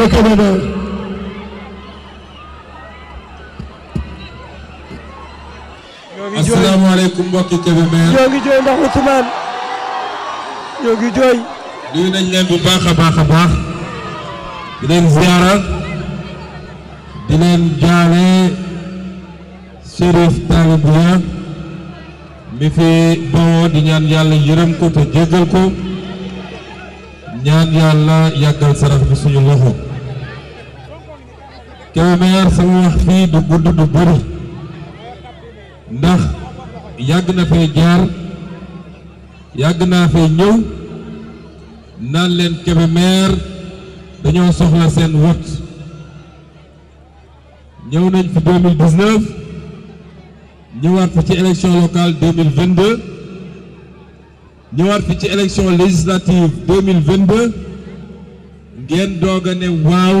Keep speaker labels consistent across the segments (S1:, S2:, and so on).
S1: ba Kébémer asalaamaaleykum mbokki Kébémer ñoo ngi jooy ndax Ousmane ñoo ngi jooy nuyu nañ leen bu baax a baax a baax di leen ziara di leen jaale Chérif Talibia mi fi bawoo di ñaan yàlla yërëm ko te jéggal ko ñaan yàlla yàggal sarax bi suñu loxo Kébé maire sama wax fii du gudd du bëri ndax yàgg na fee jaar yàgg naa fee ñëw naan leen Kébé dañoo soxla seen wot ñëw nañ fi ñëwaat fi ci élection locale 2022 ñëwaat fi ci élection législative ngeen doog ne waaw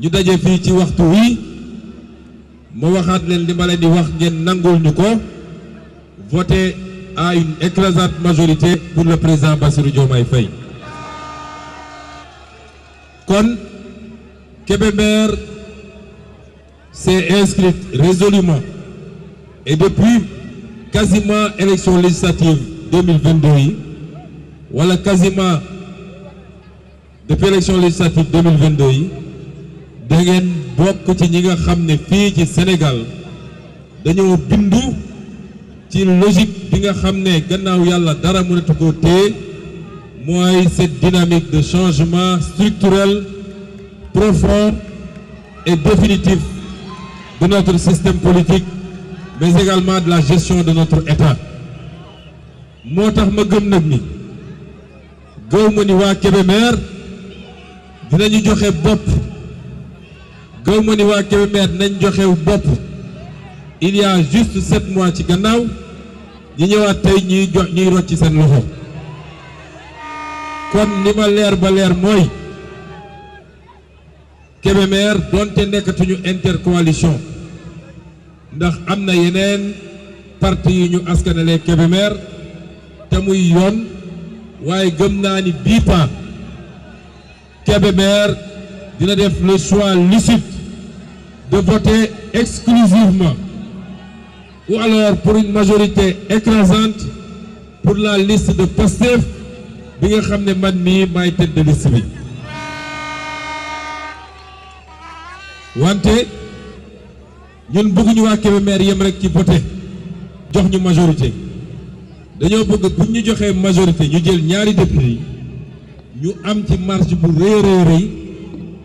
S1: Nous dajé fi ci waxtu wi mo waxat len li di wax nangul voté à une écrasante majorité pour le président Bassirou Diomaye Faye kon s'est inscrit résolument et depuis quasiment élection législative 2022 voilà quasiment depuis élection législative 2022 da ngeen bokk ci ñi nga xam ne fii ci Sénégal dañoo bindu ci logique bi nga xam ne gannaaw yàlla dara mënatu koo téye mooy cette dynamique de changement structurel profond et définitif de notre système politique mais également de la gestion de notre État moo tax ma gëm nag ni gëw ma ni waa Kébémer dinañu joxe bopp gëw ma ni waa Kébémer nañ joxew bopp il y a juste sept mois ci gannaaw ñi ñëwaat tey ñuy jox ñuy rocci seen loxo kon li ma leer ba leer mooy Kébémer doonte nekkatuñu intercoalition ndax am na yeneen parti yu ñu askanalee Kébémer te muy yoon waaye gëm naa ni bii paa Kébémer dina def le choix lucide de voter exclusivement ou alors pour une majorité écrasante pour la liste de Pastef bi nga xam ne man ma tête de liste bi wante ñun bëgguñu waa Kébémer yem rek ci voté jox ñu majorité dañoo bëgg buñ ñu majorité ñu jël ñaari député yi ñu am ci marge bu rëy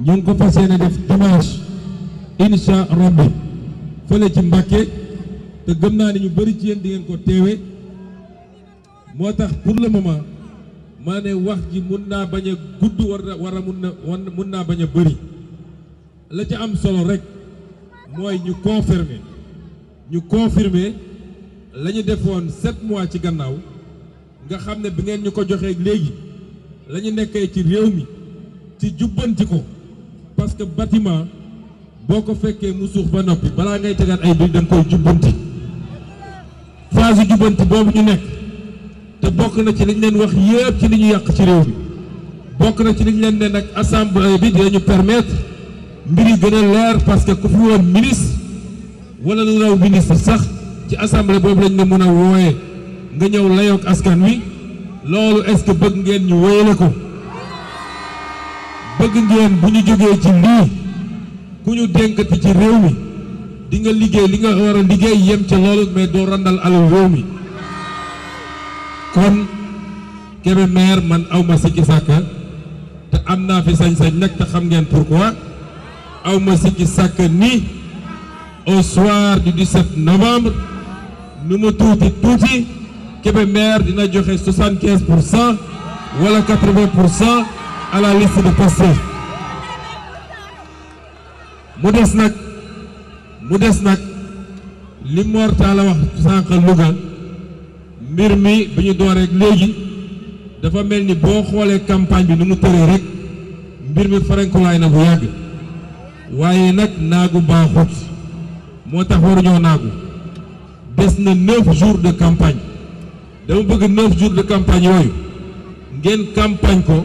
S1: ñong ko fassiyene def dimanche insha rabbi fele ci mbacke te gëm na ni ñu bari ci yeen di ngeen ko téwé motax pour le moment mané wax ji mën na baña gudd wara wara mën na mën na baña bari la ci am solo rek moy ñu confirmer ñu confirmer lañu defoon 7 mois ci gannaaw nga xamne bi ngeen ñuko joxe legi lañu nekké ci réew mi ci jubbantiko ko parce que bâtiment boko fekke musu fa nopi bala ngay tegat ay bil dang koy jubanti phase jubanti bobu ñu nek te bok na ci liñ leen wax yépp ci liñu yak ci rew bi bok na ci liñ leen ne nak assemblée bi di lañu permettre mbiri gëna leer parce que ku fi won ministre wala lu raw ministre sax ci assemblée bobu lañ ne mëna woyé nga ñew layok askan wi lolu est ce que ngeen ñu woyé ko bëgg ngeen bu ñu jógee ci mbii ku ñu dénkati ci réew mi di nga liggéey li nga war a liggéey ci loolu mais doo randal alal réew mi kon kebe maire man aw ma sikki sàkka te am naa fi sañ-sañ nag te xam ngeen pourquoi aw ma sikki sàkka ni au soir du 17 novembre nu ma tuuti tuuti kebe maire dina joxe 75 wala 80 à la mu des nag mu des nag li Mor Talla wax sànq Louga mbir mi bi ñu door rek léegi dafa mel ni boo xoolee campagne bi nu mu tëree rek mbir mi farankulaay na bu yàgg waaye nag naagu baaxut moo tax waruñoo naagu des na neuf jours de campagne dama bëgg neuf jours de campagne yooyu ngeen campagne ko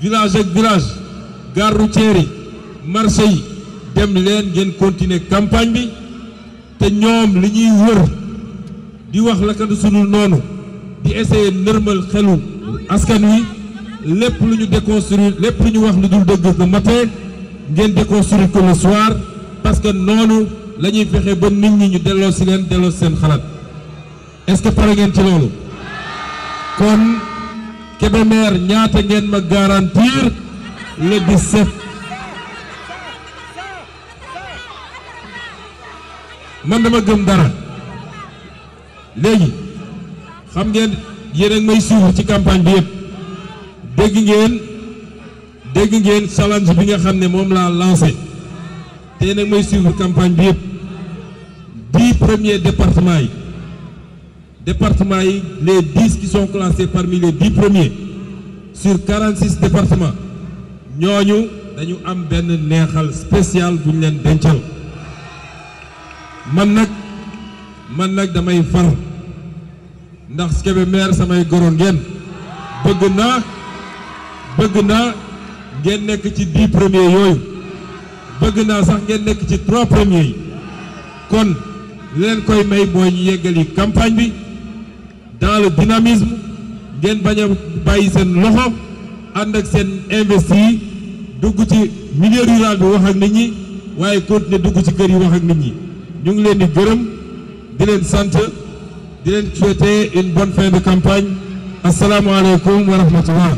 S1: village ak village gare routière yi dem len ngeen continuer campagne bi té ñom li ñuy wër di wax lakkante suñu nonu di essayer normal xelu askan wi lepp lu ñu déconstruire lepp lu ñu wax lu dul deug de matin ngeen déconstruire ko le soir parce que nonu lañuy fexé ba nit ñi ñu délo ci len délo sen xalat est-ce que pare ngeen ci lolu kon Kébémer ñaata ngeen ma garantir le 17 man dama gëm dara léegi xam ngeen yeneen ak may suivre ci campagne bi yëpp dégg ngeen dégg ngeen challenge bi nga xam ne moom laa lancé te nag may suivre campagne bi yëpp dix premiers départements yi départements, les 10 qui sont classés parmi les 10 premiers sur 46 départements, nous avons un spécial pour les gens. nous suis un homme parce que le maire est un homme. Je suis un homme qui 10 premiers. Nous suis un homme qui est 3 premiers. Donc, je suis un homme qui est en dans le dynamisme ngeen bañ a bàyyi seen loxo ànd ak seen investi dugg ci milieu rural bi wax ak nit ñi waaye continuer dugg ci gër yi wax ak nit ñi ñu ngi leen di gërëm di leen sant di leen souhaiter une bonne fin de campagne asalaamualeykum wa rahmatullah